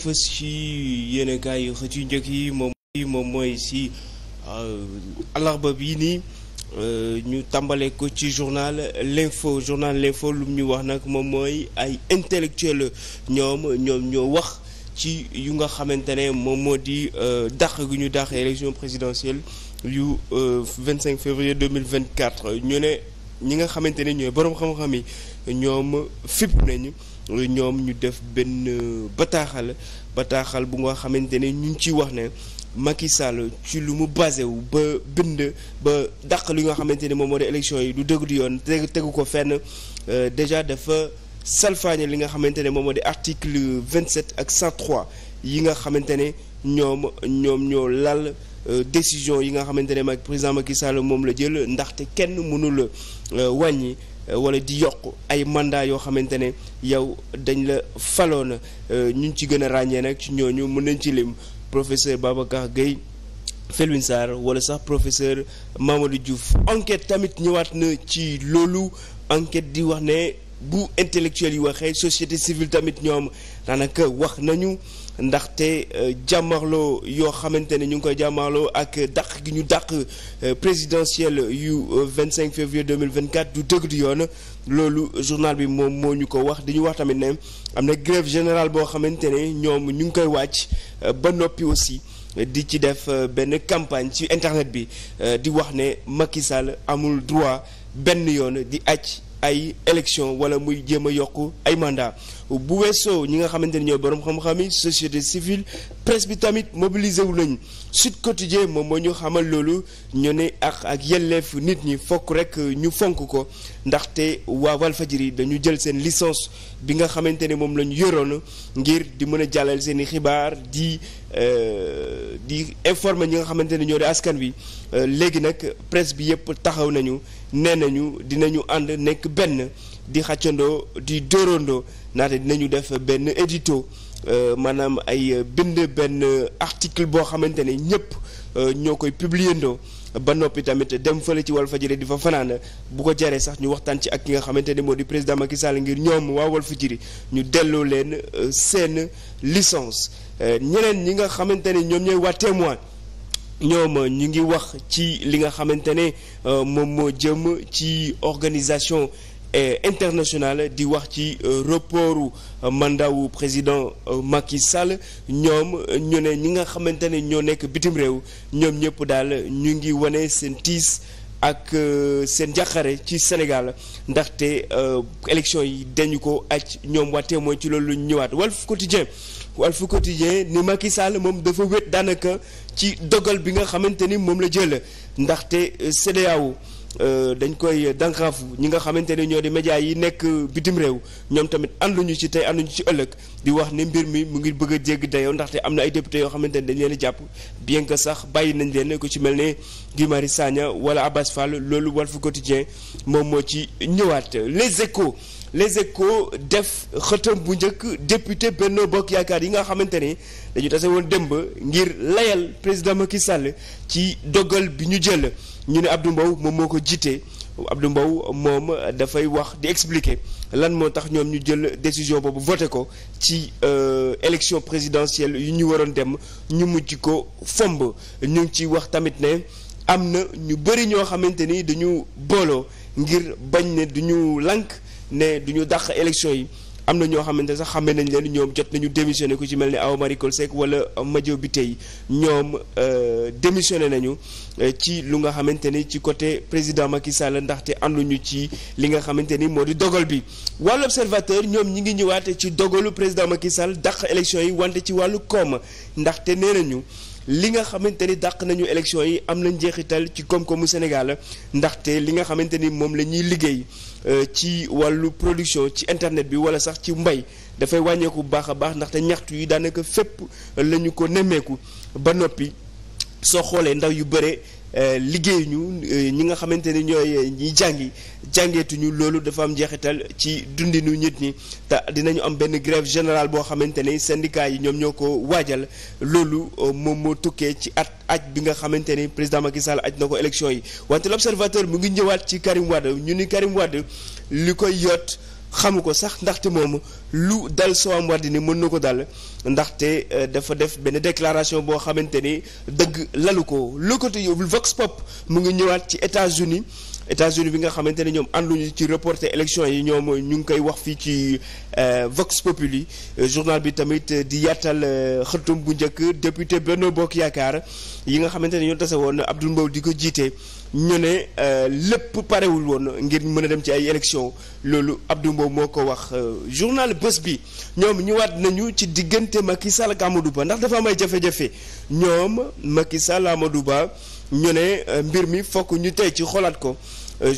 fës ci yéenekaay yi xët yu njëkk yi moom moom mooy si alarba euh, bii nii euh, ñu tàmbalee ko ci journal l'info journal l'info lu ñu wax nag moom mooy ay intellectuels ñoom ñoom ñoo wax ci yu nga xamante ne moom moo di euh, dàq gu ñu dàq élection présidentielle yu 25 février 2024 ñu ne ñi nga xamante ne ñooy boroom xam-xam yi ñoom fipp nañu ñoom ñu def benn bataaxal bataaxal bu nga xamante ne ñu ngi ciy wax ne Macky Sall ci lu mu basé wu ba bind ba daq li nga xamante ne moom moo di élection yi du dëgg du yoon tegu tegu ko fenn euh, déjà dafa salfaañe li nga xamante ne moom moo di vingt 27 ak 103 yi nga xamante ne ñoom ñoom ñoo lal euh, décision yi nga xamante ne mag président Macky Sall moom la jël ndaxte kenn mënul euh, wàññi wala di yokk ay mandat yoo xamante ne yow dañ la faloon euh, ñu ci gën a ràññee nag ci ñooñu mën nañ ci lim professeur Babacar Gueye Felwine Sarr wala sax professeur Mamadou Diouf enquête tamit ñëwaat na ci loolu enquête di wax ne bu intellectuel yi waxee société civile tamit ñoom daanaka wax nañu. ndaxte euh, jàmmarloo yoo xamante ne ñu ngi koy jàmmarloo ak dàq gi ñu dàq euh, présidentielle yu 25 euh, février 2024 du dëgg du yoon loolu journal bi moom moo ñu ko wax di ñu wax tamit ne am na grève générale boo xamante ne ñoom ñu ngi koy wàcc ba noppi aussi di ci def benn campagne ci internet bi di wax ne Macky amul droit benn yoon di àcc. ay élection wala muy jéem a yokk ay mandat bu weesoo ñi nga xamante ni ñooy borom xam-xam yi société civile presse bi tamit mobilisé wu nañ Sud Quotidien moom moo ñu xamal loolu ñu ne ak ak yelleef nit ñi fokk rek ñu fonk ko ndaxte waa Walfadjri dañu jël seen licence bi nga xamante ne moom la ñu yoroon ngir di mën a jàllal seen i xibaar di euh, di informer ñi nga xamante ne ñoo di askan wi euh, léegi nag presse bi yëpp taxaw nañu nee nañu dina ñu ànd nekk benn di xàccandoo di dóorandoo naate dinañu def benn édito Euh, maanaam ay euh, bind benn euh, article boo xamante ne ñëpp ñoo koy publier ba noppi tamit dem fële ci Walfadjri di fa fanaana bu ko jaree sax ñu waxtaan ci ak ki nga xamante ne moo di président Macky Sall ngir ñoom waa Walfadjri ñu delloo leen seen licence ñeneen ñi nga xamante ne ñoom ñooy waa témoin ñoom ñu ngi wax ci li nga xamante ne moom moo jëm ci organisation internationale di wax ci euh, reportu euh, mandat wu président euh, Macky Sall ñoom ñu ne ñi nga xamante ne ñoo nekk bitim réew ñoom ñëpp daal ñu ngi wane seen tiis ak seen jàqare ci Sénégal ndaxte élection yi dañu ko aj ñoom waa mooy ci loolu ñu ñëwaat Walf Quotidien Walf Quotidien ni Macky Sall moom dafa wét daanaka ci dogal bi nga xamante ni moom la jël ndaxte CEDEAO Euh, dañ koy dànkaafu ñi nga xamante ne ñoo di médias yi nekk bitim réew ñoom tamit ñu ci tey ànduñu ci ëllëg di wax ni mbir mi mu ngi bëgg a jégg dayoo ndaxte am na ay député yoo xamante ne dañ leen jàpp bien que sax bàyyi nañ leen ku ci mel ne Guy Marius Sagna wala Abbas Fall loolu Walf Quotidien moom moo ci ñëwaat les échos les échos def xëtam bu njëkk député Benno Bokk Yaakaar yi nga xamante ne dañu tase woon ba ngir layal président Macky Sall ci dogal bi ñu jël ñu ne Abdou Mbow moom moo ko jiite Abdou Mbow moom dafay wax di expliquer lan moo tax ñoom ñu jël décision boobu voté ko ci euh, élection présidentielle yu ñu waroon dem ñu mujj ko fomb ñu ngi ciy wax tamit ne am na ñu bëri ñoo xamante ni dañu booloo ngir bañ ne duñu lank ne duñu dàq élection yi am na ñoo xamante sax xame nañ leen ñoom jot nañu démissionné ku ci mel ni Awa Marie Coll Seck wala Madiou Biteye ñoom euh, démissionné nañu euh, ci lu nga xamante ni ci côté président Macky Sall ndaxte ñu ci li nga xamante ni moo di dogal bi wàllu observateur ñoom ñi ngi ñëwaate ci dogalu président Macky Sall dàq élection yi wante ci wàllu koom ndaxte nee nañu li nga xamante ni dàq nañu élection yi am na njeexital ci koom-koomu Sénégal ndaxte li nga xamante ni moom la ñuy liggéey euh, ci wàllu production ci internet bi wala sax ci mbay dafay wàññeeku bu baax a baax ndaxte ñaxtu yi daanaka fépp lañu ko nemmeeku ba noppi soo xoolee ndaw yu bare Euh, liggéeyuñu euh, ñi nga xamante ne ñooy euh, ñiy jàngi jàngeetuñu loolu dafa am njeexital ci dundinu nit ñi te dinañu am benn grève général boo xamante ne syndicat yi ñoom ñoo ko waajal loolu moom moo tukkee ci at aj bi nga xamante ne président Macky Sall aj na ko élection yi wante l'observateur mu ngi ñëwaat ci Karim Wade ñu ni Karim Wade li koy yott xamu ko sax ndaxte moom lu dal Soham Wardini mën na ko dal ndaxte euh, dafa def benn déclaration boo xamante ni dëgg lalu ko le côté yow Vox Pop mu ngi ñëwaat ci États-Unis États-Unis bi nga xamante ne ñoom ànduñu ci reporter élection yi ñoom ñu ngi koy wax fii ci euh, Vox Populi euh, journal bi tamit di yaatal xatum bu njëkk député Benno Bokk Yaakaar yi nga xamante ni ñoo tase woon Abdoul Mbow di ko jiitee ñu ne euh, lépp parewul woon ngir mën a dem ci ay élections loolu Abdou Mbow moo ko wax euh, journal bés bi ñoom ñëwaat nañu ci diggante Macky Sall ak Amadou Ba ndax dafa am ay jafe-jafe ñoom Macky Sall Ba ñu ne euh, mbir mi fokk ñu tey ci xoolaat ko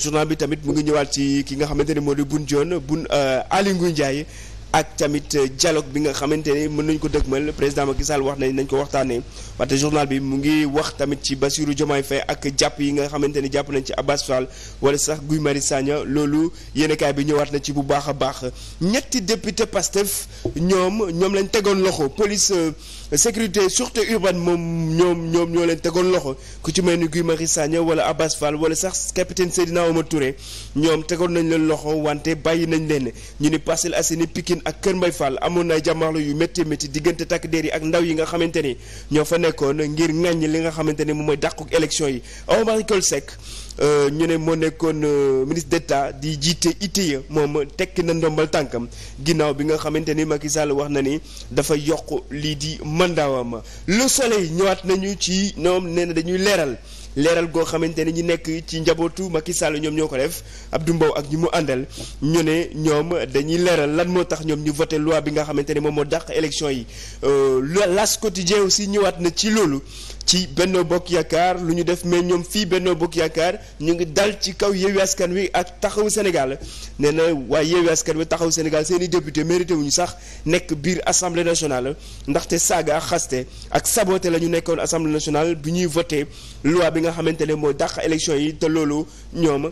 journal bi tamit mu ngi ñëwaat ci ki nga xamante ne moo di Boun Dionne bun Aly Ngouille Ndiaye ak tamit euh, dialogue bi nga xamante ne mën nañ ko dëgmal président ma gisaal wax nañ nañ ko waxtaanee wante journal bi mu ngi wax tamit ci Bassirou Diomaye Faye ak jàpp yi nga xamante ni jàpp nañ ci Abass Fall wala sax Guy Marius Sagna loolu yéenekaay bi ñëw ñëwaat na ci bu baax a baax ñetti député Pastef ñoom ñoom lañ tegoon loxo police. Euh, sécurité sûreté urbaine moom ñoom ñoom ñoo leen tegoon loxo ku ci mel ni Guy Marius Sagna wala Abbas Fall wala sax capitaine Seydina Omar Touré ñoom tegoon nañ leen loxo wante bàyyi nañ leen ñu ni Parcelles Assainies Pikine ak Kër Mbaye Fall amoon na jàmmaarlu yu métti métti diggante takk déer yi ak ndaw yi nga xamante ni ñoo fa nekkoon ngir ŋàññ li nga xamante ni moom mooy dàquk élection yi Oumar Gueye Seck Euh, ñu ne moo nekkoon euh, ministre d'État di jiite ITIE moom tekki na ndombal tànkam ginnaaw bi nga xamante ni Macky Sall wax na ni dafa yokk lii di mandaawam Le Soleil ñëwaat nañu ci ñoom nee na dañuy leeral leeral goo xamante ni ñi nekk ci njabootu Macky Sall ñoom ñoo ko def Abdou Mbow ak ñi mu àndal ñu ne ñoom dañuy leeral lan moo tax ñoom ñu voté loi bi nga xamante ni moom moo dàq élection yi euh, L'As Quotidien si ñëwaat na ci loolu ci Benno Bokk Yaakaar lu ñu def mais ñoom fii Benno Bokk Yaakaar ñu ngi dal ci kaw Yewwi Askan Wi ak Taxawu Sénégal nee na waaye Yewwi Askan Wi Taxawu Sénégal seeni député mérité wuñu sax nekk biir Assemblée nationale ndaxte saaga xaste ak saboté la ñu nekkoon Assemblée nationale bi ñuy voté loi bi nga xamante ne moo dàq élection yi te loolu ñoom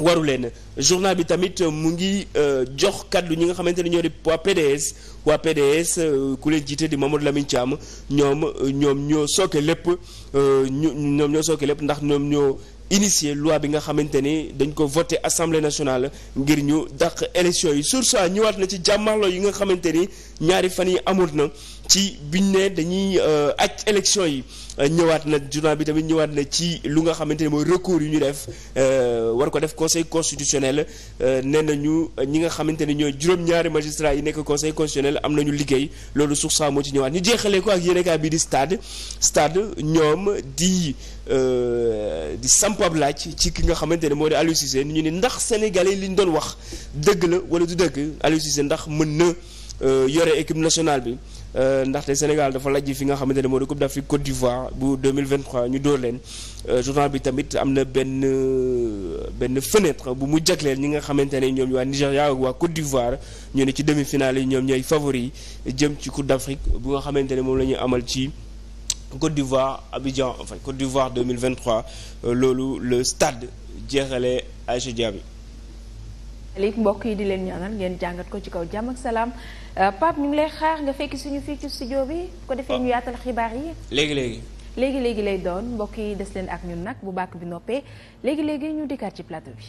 waru leen journal bi tamit mu ngi euh, jox kàddu ñi nga xamante ne ñoo di waa PDS waa PDS euh, ku leen jiite di Mamadou Lamine Thiam ñoom euh, ñoom ñoo sooke lépp ñu ñoom ñoo lépp ndax ñoom ñoo initié loi bi nga xamante ni dañ ko vote assemblée nationale ngir ñu dàq élection yi sur ça ñëwaat na ci jàmmarloo yi nga xamante ni ñaari fan yi amoon na. ci biñ ne dañuy euh, aj élection yi euh, ñëwaat na journal bi tamit ñëwaat na ci lu nga xamante ne mooy recours yu ñu def euh, war ko def conseil constitutionnel nee nañu ñi nga xamante ne ñooy juróom-ñaari magistrat yi nekk conseil constitutionnel am nañu liggéey loolu suuf saa moo ci ñëwaat ñu jeexalee ko ak yéenekaay bi di stade stade ñoom di di samp ab laaj ci ki nga xamante ne moo di Aliou Cissé ñu ne ndax sénégalais liñ doon wax dëgg la wala du dëgg Aliou ndax mën na. Euh, yore équipe nationale bi euh, ndaxte Sénégal dafa lajj fi nga xamante ne moo di Coupe d'Afrique Côte d'Ivoire bu 2023 ñu dóor leen euh, journal bi tamit am na benn benn fenêtre bu mu jagleel ñi nga xamante ne ñoom waa Nigéria waa Côte d'Ivoire ñu ne ci demi-finale yi ñoom ñooy favori jëm ci Coupe d'Afrique bu nga xamante ne moom la ñuy amal ci Côte d'Ivoire Abidjan enfin Côte d'Ivoire 2023 loolu le stade jeexale Aïcha Diaby. léegi mbokk yi di leen ñaanal ngeen jàngat ko ci kaw jàmm ak Euh, Pape ñu ngi lay xaar nga fekki suñu fii ci studio bi ko defee ah. ñu yaatal xibaar yi léegi léegi léegi léegi lay doon mbokk yi des leen ak ñun nag bu bàkk bi noppee léegi léegi ñu dikkaat ci plateau bi